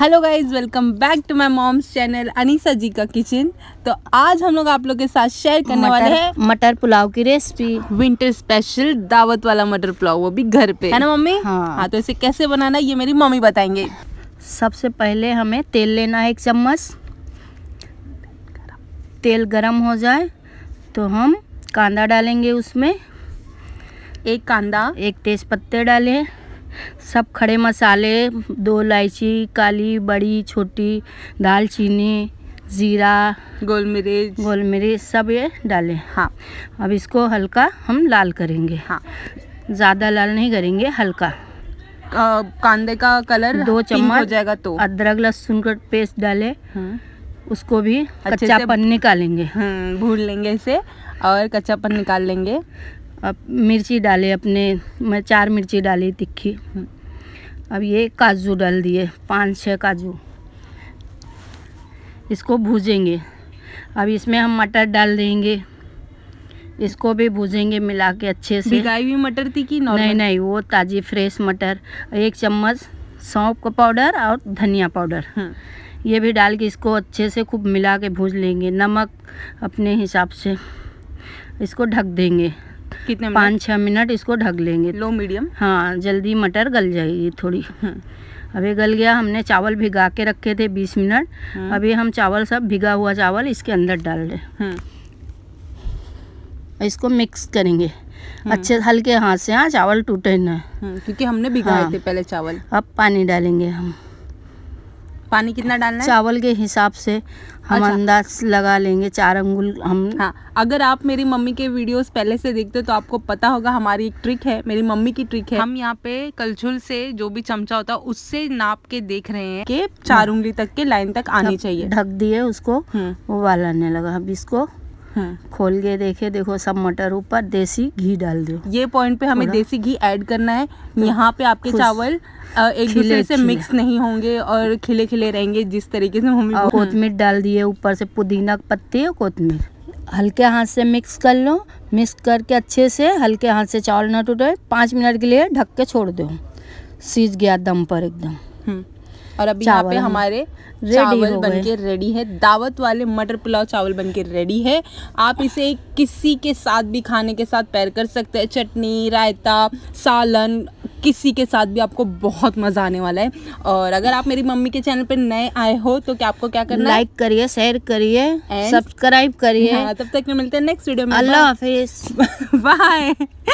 Hello guys welcome back to my moms channel Aneesa ji का kitchen तो आज हम लोग आप लोग के साथ शेयर करने वाले हैं मटर पुलाव की रेसिपी विंटर स्पेशल दावत वाला मटर पुलाव वो भी घर पे है ना मम्मी हाँ, हाँ तो इसे कैसे बनाना ये मेरी मम्मी बताएंगे सबसे पहले हमें तेल लेना है एक चम्मच तेल गरम हो जाए तो हम कांदा डालेंगे उसमें एक कांदा एक तेज़ पत्ते डालें सब खड़े मसाले दो इलायची काली बड़ी छोटी दालचीनी ज़ीरा गोल मिर्च गोल मिर्च सब ये डालें हाँ अब इसको हल्का हम लाल करेंगे हाँ ज़्यादा लाल नहीं करेंगे हल्का कांदे का कलर दो चम्मच हो जाएगा तो अदरक लहसुन का पेस्ट डाले हाँ। उसको भी कच्चापन निकालेंगे हम्म, भूल लेंगे इसे और कच्चापन निकाल लेंगे अब मिर्ची डाले अपने मैं चार मिर्ची डाली तिखी अब ये काजू डाल दिए पाँच छः काजू इसको भूजेंगे अब इसमें हम मटर डाल देंगे इसको भी भूजेंगे मिला के अच्छे से भिगाई हुई मटर थी कि नहीं नहीं वो ताज़ी फ्रेश मटर एक चम्मच सौंप का पाउडर और धनिया पाउडर हाँ। ये भी डाल के इसको अच्छे से खूब मिला के भूज लेंगे नमक अपने हिसाब से इसको ढक देंगे कितने पाँच छः मिनट इसको ढक लेंगे लो मीडियम हाँ जल्दी मटर गल जाएगी थोड़ी हम्म। अभी गल गया हमने चावल भिगा के रखे थे बीस मिनट हाँ। अभी हम चावल सब भिगा हुआ चावल इसके अंदर डाल रहे हाँ। इसको मिक्स करेंगे हाँ। अच्छे हल्के हाथ से हाँ चावल टूटे ना क्योंकि हमने भिगाए हाँ, थे पहले चावल अब पानी डालेंगे हम पानी कितना डालना है चावल के हिसाब से हम अच्छा। अंदाज लगा लेंगे चार अंगुल हम हाँ अगर आप मेरी मम्मी के वीडियोस पहले से देखते हो तो आपको पता होगा हमारी एक ट्रिक है मेरी मम्मी की ट्रिक है हम यहाँ पे कलछुल से जो भी चमचा होता है उससे नाप के देख रहे हैं कि चार हाँ। उंगली तक के लाइन तक आनी चाहिए ढक दिए उसको हम्म। वो वालने आने लगा अब इसको हाँ। खोल के देखे देखो सब मटर ऊपर देसी घी डाल दो ये पॉइंट पे हमें देसी घी ऐड करना है यहाँ पे आपके चावल एक दूसरे से मिक्स नहीं होंगे और खिले खिले रहेंगे जिस तरीके से हम कोतमीर डाल दिए ऊपर से पुदीना पत्ते और कोतमीर हल्के हाथ से मिक्स कर लो मिक्स करके अच्छे से हल्के हाथ से चावल न टूटे पाँच मिनट के लिए ढक के छोड़ दो सीज गया दम पर एकदम हम्म। और अभी यहाँ पे हमारे चावल बन के रेडी है दावत वाले मटर पुलाव चावल बन के रेडी है आप इसे किसी के साथ भी खाने के साथ पैर कर सकते हैं चटनी रायता सालन किसी के साथ भी आपको बहुत मज़ा आने वाला है और अगर आप मेरी मम्मी के चैनल पर नए आए हो तो क्या आपको क्या करना लाइक करिए शेयर करिए सब्सक्राइब करिए हाँ, तब तक मिलते हैं नेक्स्ट वीडियो में अल्लाह हाफिज बाय